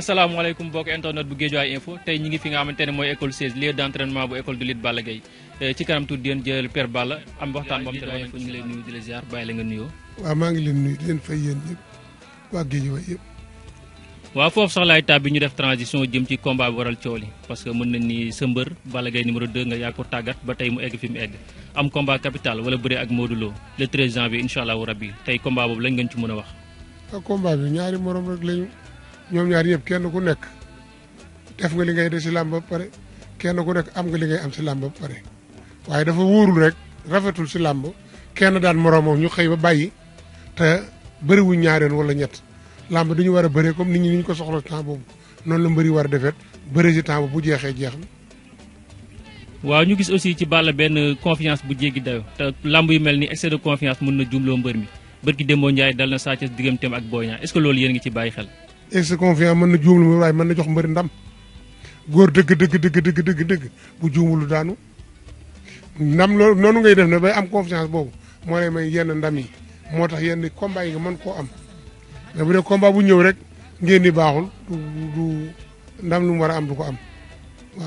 asalaamaaleykum mbokk internet bu Guédiawaye info tey ñi ngi fi nga xamante ne mooy école 16 lieu bu école de lutte Balla Gaye eh, ci kanam tuuti jël Père Balla am waxtaan boo xam ne ñu di leen nuyu di leen fay yéen ñëpp waa Guédiawaye foofu sax laay taab bi ñu def transition jëm ci combat bi waral coow li parce que mën nañ ni sa mbër Balla Gaye numéro 2 nga yaa ko tàggat ba tey mu egg fi mu egg am combat capital wala bëre ak Modou Lo le 13 janvier incha allahu rabi tey combat boobu lañ ngeen ci mën a wax. ñoom ñaar ñëpp kenn ku nekk def nga li ngay def si lamb ba pare kenn ku nekk am nga li ngay am si lamb ba pare waaye dafa wóorul rek rafetul si lamb kenn daan moroomam ñu xëy ba bàyyi te bëriwuñ ñaareen wala ñett lamb dañu war a bëree comme nit ñi ñu ko soxla temps boobu noonu la mbëri war a defet bëri si temps bu jeexee jeex na waaw ñu gis aussi ci Balla benn confiance bu jéggi dayo te lamb yu mel ni excès de confiance mën na jumloo mbër mi bërki démboo Njaay dal na ak est-ce que loolu yéen ngi ci bàyyi xel ex konfiya mën na juumlu mu waaye mën na jox ndam Gur dëgg dëgg dëgg dëgg dëgg dëgg bu juumulu danu ndam loolu noonu ngay def ne bay am confiance boobu moo lay may yenn ndam yi moo tax yenn combat yi nga mën am mais bu dee combat bu ñëw rek ngeen ni baaxul du du ndam lu mu am du ko am wa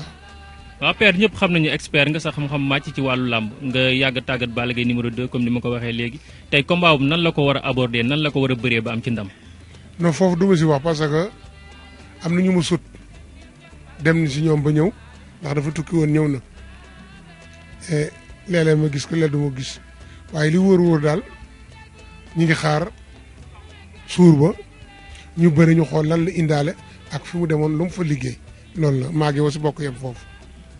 waaw père ñëpp xam nañu expert nga sax xam-xam màcc ci walu làmb nga yàgg tàggat Balla Gaye numéro 2 comme ni ma ko waxee léegi tey combat bu nan la ko wara a aborder nan la ko wara a ba am ci ndam. non foofu du si wax parce que am na ñu ma sut dem ni si ñoom ba ñëw ndax dafa tukki woon ñëw na eh, léeg-léeg ma gis ko léeg du ma gis waaye li wóor-wóor daal ñu ngi xaar suur ba ñu bëri ñu xool lan la indaale ak fi mu demoon lu mu fa liggéey loolu la maa ngi woo si bokk yem foofu.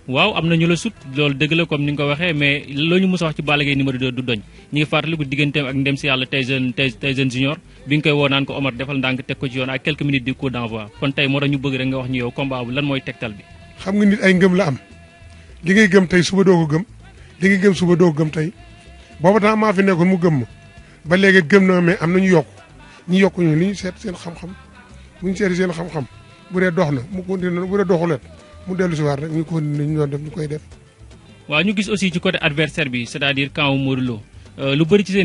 waaw am na ñu la sut loolu dëgg la comme ni nga ko waxee mais loo ñu mës a wax ci Balla Gaye numéro 2 du doñ ñu ngi fàttaliku digganteem ak ndem si yàlla Tyson Tyson junior bi nga koy woo ko Omar defal ndànk teg ko ci yoon ak quelques minutes du coup d'envoi kon tey moo tax ñu bëgg rek bi xam nga nit ay ngëm la am li ngay gëm tey suba doo ko gëm li ngay gëm suba doo ko gëm tey booba temps maa fi nekkoon mu gëm ma ba léegi gëm na mais am na ñu yokk ñu li ñu seet seen xam-xam bu ñu seet seen xam-xam bu dee na mu continué bu dee doxuleet mu dellu si waat rek ñu ko def ñu koy def. waaw ñu aussi ci côté adversaire bi c'est-à-dire camp Modou Lo euh, lu bëri ci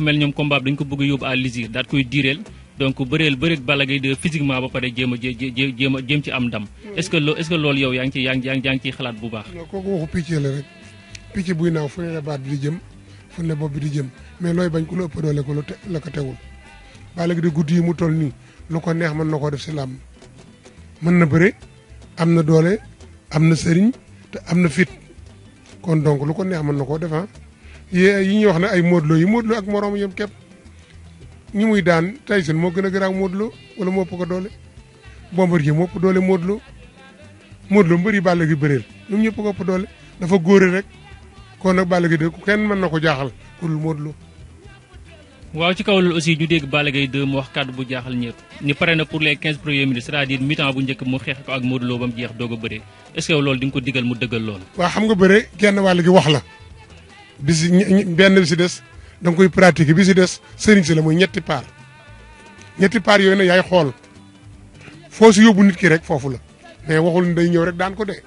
mel ñoom combat bi dañ bëgg a yóbbu à l'usure daal koy diireel donc bëreel bëreeg Balla ba pare jéem a jéem a jéem ci am ndam. est-ce que loo est-ce que loolu yow yaa ngi ciy yaa ngi yaa ngi ciy xalaat bu baax. non kooku waxu picc la rek picc buy naaw fu ne la bi di jëm fu mais looy bañ ku la ëpp ko la ko tegul Balla Gaye de guddi yi mu toll nii lu ko neex mën na koo def si làmb mën na bëre am na doole am na sëriñ te am na fit kon donc lu ko neex mën na koo def ah. yee yi ñuy wax ne ay Modou yi Modou Lo ak moroom yom képp ñu muy daan Tyson moo gën a gën a ak Modou Lo wala moo ko doole Bombardier moo ëpp doole Modou Lo Modou Lo mbëri Balla gi bëreel ñoom ñëpp ko ëpp doole dafa góore rek kon nag Balla gi de kenn mën na ko jaaxal pour Modou Lo waaw ci kaw aussi ñu dégg Balla gay 2 mu wax kaddu bu jaaxal ñëpp ni paré na pour les 15 premiers minutes c'est-à-dire mi-temps bu njëkk mu xex ko ak Modou Lo bam jeex dogo a est ce que lool di nga ko diggal mu dëggal lool wa xam nga bëre kenn wàll gi wax la bis ben bis dess dang koy pratiquer bis dess sëriñ ci la moy ñetti paar ñetti paar yoy na yaay xol fo su yobu nit ki rek fofu la mais waxul ni day ñëw rek daan ko dé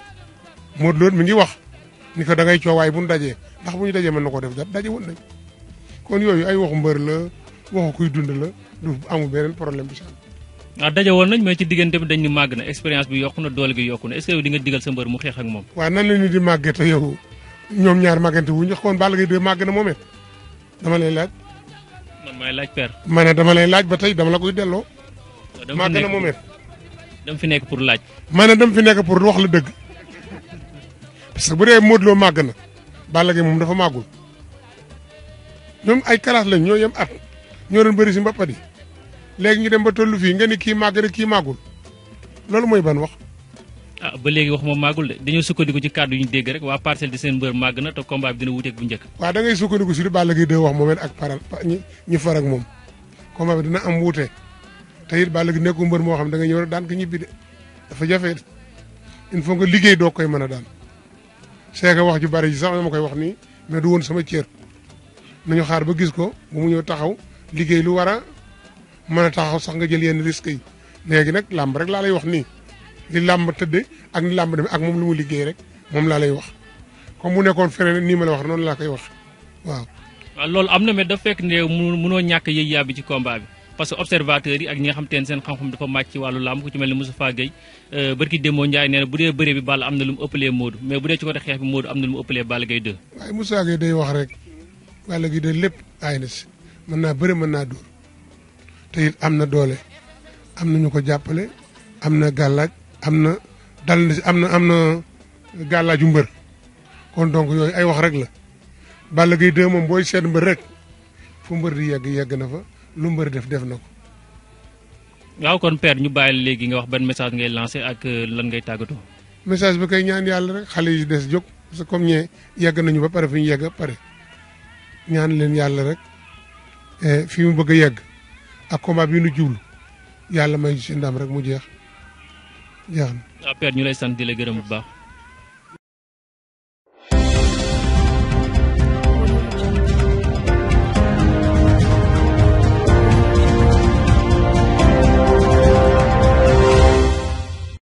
Modou Lo mi ngi wax ni ko da ngay ciowaay bu ñu dajee ndax bu ñu dajé mëna ko def dajé woon nañu kon yooyu ay waxu mbër la waxu kuy dund la du amu beneen problème bi sax am. Ah, waaw daje woon nañ mais ci diggante bi dañ ni màgg na expérience bi yokku na doole gi yokku na est-ce que yow di nga digal sa mbër mu xeex ak moom. waaw nan la ñu di màggee te yow ñoom ñaar màggante wu ñu kon Balla Gaye de màgg na moom dama lay laaj. man may laaj père. ma ne dama lay laaj ba tey dama la koy delloo. màgg na moom it dama fi nekk pour laaj. ma ne dama fi nekk pour wax la dëgg parce que bu dee Modou Lo màgg na Balla Gaye moom dafa màggul. ñoom ay kalaas lañ ñoo yem at ñoo doon bëri si mbappat di léegi ñu dem ba tollu fii nga ni kii màgg rek kii màggul loolu mooy ban wax. ah ba léegi wax ma màggul de dañoo sukkandiku ci kàddu yu ñu rek waa parcelle seen mbër na te combat bi dina wuteeg bu njëkk. waaw da ngay sukkandiku si li Balla Gaye 2 wax moom it ak paral ñi ñi moom combat bi dina am wuute te it Balla Gaye nekkul mbër moo xam da nga ñëw rek daan ko ñibbi de dafa jafe il faut nga liggéey doo koy mën a daan seega wax ju bari ji sax dama koy wax nii mais du woon sama cër nañu xaar ba gis ko bu mu ñëw taxaw liggéey lu war a mën a taxaw sax nga jël yenn risque yi léegi nag làmb rek laa lay wax nii li làmb tëdde ak ni làmb demee ak moom lu mu liggéey rek moom laa lay wax comme mu nekkoon feneen nii ma la wax noonu laa koy wax waaw. waaw loolu am na mais dafa fekk ne mënoo ñàkk yëy yaa bi ci combat bi parce que observateur yi ak ñi nga xam te ne seen xam-xam dafa màcc ci wàllu làmb ku ci mel ni Moustapha Gueye euh, barki démo Ndiaye nee na bu dee bëree bi Balla am na lu mu ëppalee Modou mais bu dee ci côté xeex bi Modou am na lu mu ëppalee Balla Gaye 2. waaye Moussa Gueye day wax rek wala gi de lépp mana na mana man na amna dole, naa dóor te amna amna doole am na ñu ko jàppale dal na amna am na am kon donc yoy ay wax rek la Balla gi de mom boy seen mbeur rek fu mbeur di yegg yegg na fa lu mbeur def def nako ko. waaw kon père ñu bayal legi nga wax ben message ngay lancer ak euh, lan ngay tagato message bi kay ñaan yalla rek yi des jog parce comme ñe yegg nañu ba paré fu ñu yegg pare. ñaan leen yàlla rek eh, fi mu bëgg a yegg ak combat bi nu jublu yàlla may si ndam rek mu jeex jeex na. ñu lay sant di la gërëm bu baax.